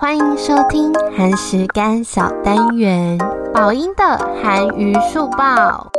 歡迎收聽韓食柑小單元，寶音的韓娛速報。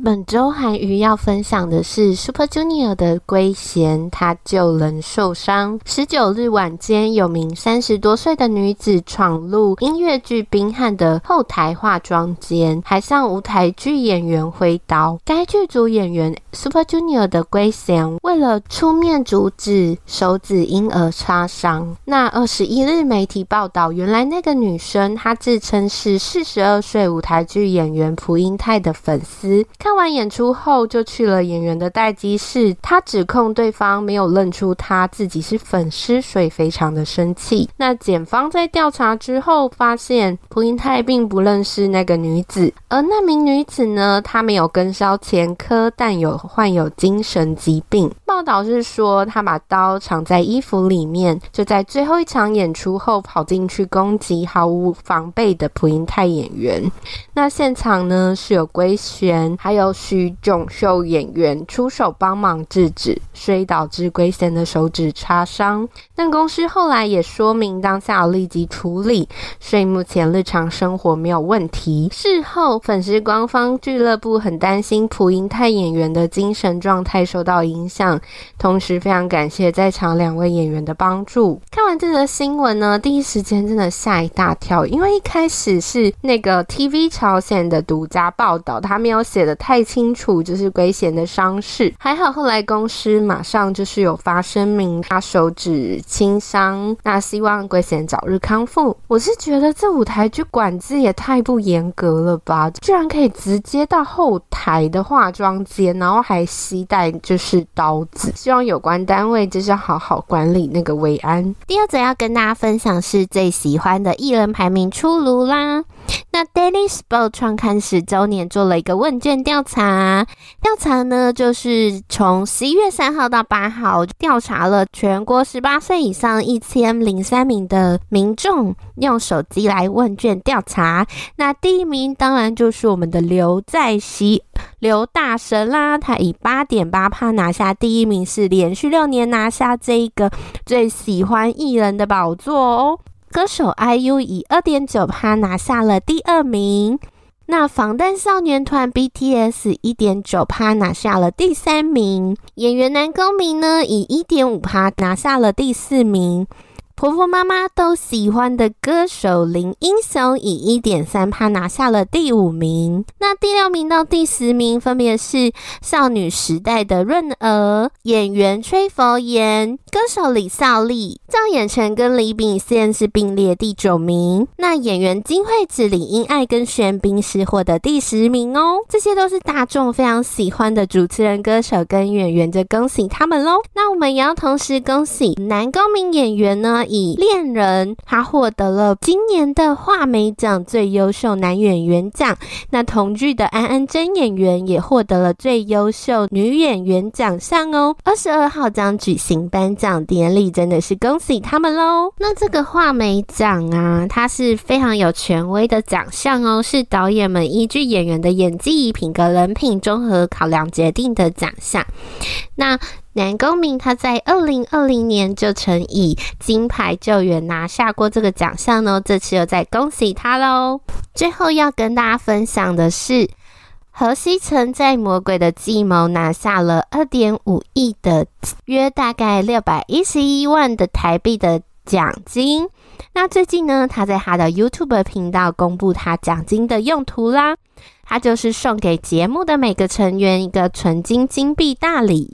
本周韓娛要分享的是 Super Junior 的圭賢，他救人受傷。十九日晚間，有名三十多歲的女子闖入音樂劇《賓漢》的後台化妝間，還向舞台劇演員揮刀。該劇組演員 Super Junior 的圭賢為了出面阻止，手指因而擦傷。那二十一日媒體報道，原來那個女生她自稱是四十二歲舞台劇演員朴英泰的粉絲。看完演出後，就去了演員的待機室。他指控對方沒有認出他自己是粉絲，所以非常的生氣。那檢方在調查之後發現，朴英泰並不認識那個女子，而那名女子呢，她沒有跟蹤前科，但有患有精神疾病。報道是說，她把刀藏在衣服裡面，就在最後一場演出後跑進去攻擊毫無防備的朴英泰演員。那現場呢是有歸旋，還有。由徐鍾秀演員出手幫忙制止，所以導致圭賢的手指擦傷。但公司後來也說明，當下有立即處理，所以目前日常生活沒有問題。事後，粉絲官方俱樂部很擔心朴英泰演員的精神狀態受到影響，同時非常感謝在場兩位演員的幫助。看完這則新聞呢，第一時間真的嚇一大跳，因為一開始是那個 TV 朝鮮的獨家報道，他沒有寫的太。太清楚，就是圭賢的傷勢還好，後來公司馬上就是有發聲明，他手指輕傷，那希望圭賢早日康復。我是覺得這舞台劇管制也太不嚴格了吧，居然可以直接到後台的化妝間，然後還攜帶就是刀子，希望有關單位就是好好管理那個維安。第二則要跟大家分享是最喜歡的藝人排名出爐啦，那 Daily Sport 創刊十周年做了一個問卷調查。調查調查呢，就是從十一月三號到八號，調查了全國十八歲以上一千零三名的民眾，用手機來問卷調查。那第一名當然就是我們的劉在錫，劉大神啦，他以八點八趴拿下第一名，是連續六年拿下這一個最喜歡藝人的寶座哦。歌手 IU 以二點九趴拿下了第二名。那防彈少年團 BTS 一點九趴拿下了第三名，演員南宮珉呢，以一點五趴拿下了第四名。婆婆媽媽都喜歡的歌手林英雄以一點三趴拿下了第五名。那第六名到第十名分別是少女時代的潤娥、演員崔佛言、歌手李孝利、趙寅成跟李秉憲是並列第九名。那演員金惠子、李英愛跟玄彬是獲得第十名哦。這些都是大眾非常喜歡的主持人、歌手跟演員，就恭喜他們嘍。那我們也要同時恭喜南宮珉演員呢。以戀人，他獲得了今年的畫梅獎最優秀男演員獎。那同劇的安恩真演員也獲得了最優秀女演員獎項哦。二十二號將舉行頒獎典禮，真的是恭喜他們嘍！那這個畫梅獎啊，它是非常有權威的獎項哦，是導演們依據演員的演技、品格、人品綜合考量決定的獎項。那。南宮珉他在二零二零年就曾以金牌救援拿下過這個獎項呢，這次又再恭喜他嘍！最後要跟大家分享的是，河錫辰在《魔鬼的計謀》拿下了二點五億的約大概六百一十一萬的台幣的獎金。那最近呢，他在他的 YouTube 頻道公布他獎金的用途啦，他就是送給節目的每個成員一個純金金幣大禮。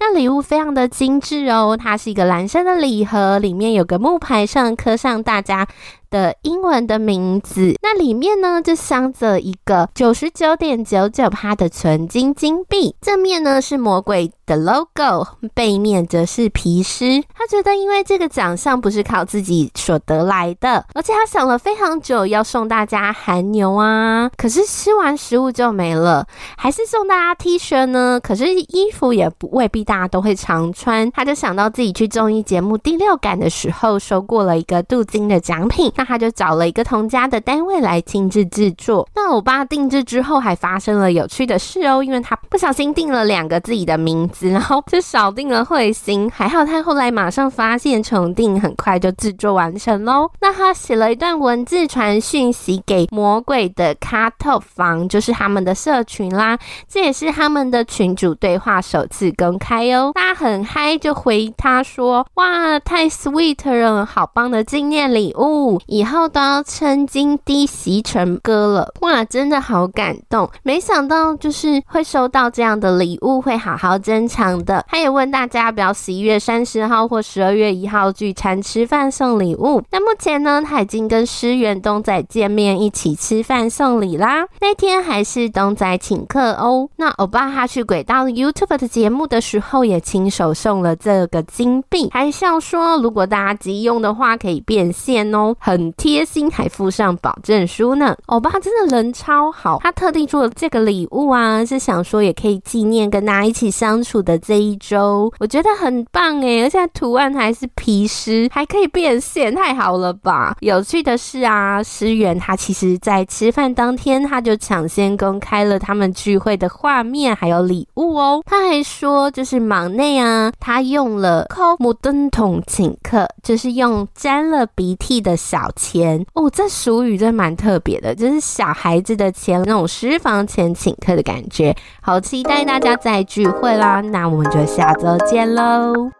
那禮物非常的精緻哦，它是一個藍色的禮盒，裡面有個木牌上，上刻上大家的英文的名字。那裡面呢就鑲着一個九十九點九九趴的純金金幣，正面呢是魔鬼的 logo，背面則是皮斯。他覺得因為這個獎項不是靠自己所得來的，而且他想了非常久要送大家韓牛啊，可是吃完食物就沒了，還是送大家 T 恤呢？可是衣服也不未必。大家都會常穿，他就想到自己去綜藝節目《第六感》的時候收過了一個鍍金的獎品，那他就找了一個同家的單位來親自制作。那歐巴定制之後還發生了有趣的事哦、喔，因為他不小心定了兩個自己的名字，然後就少定了彗星。還好他後來馬上發現重訂，很快就制作完成嘍。那他寫了一段文字傳訊息給魔鬼的卡特房，就是他們的社群啦，這也是他們的群組對話首次公開。大他很嗨，就回他說：“哇，太 sweet 了，好棒的紀念禮物，以後都要稱金滴錫辰哥了。”哇，真的好感動，沒想到就是會收到這樣的禮物，會好好珍藏的。他也問大家不要十一月三十號或十二月一號聚餐吃飯送禮物。那目前呢，他已經跟詩源東仔見面一起吃飯送禮啦。那天還是東仔請客哦。那歐巴他去軌道 YouTube 的節目的時候。後也親手送了這個金幣，還笑說，如果大家急用的話可以變現哦，很貼心，還附上保證書呢。歐巴真的人超好，他特地做了這個禮物啊，是想說也可以紀念跟大家一起相處的這一周，我覺得很棒哎，而且圖案還是皮詩，還可以變現，太好了吧？有趣的是啊，詩源他其實在吃飯當天，他就搶先公開了他們聚會的畫面還有禮物哦，他還說就是。是忙內啊，他用了 “call modern 桶請客”，就是用沾了鼻涕的小錢哦。這俗語真的蠻特別的，就是小孩子的錢那種私房錢請客的感覺。好期待大家再聚會啦！那我們就下周見嘍。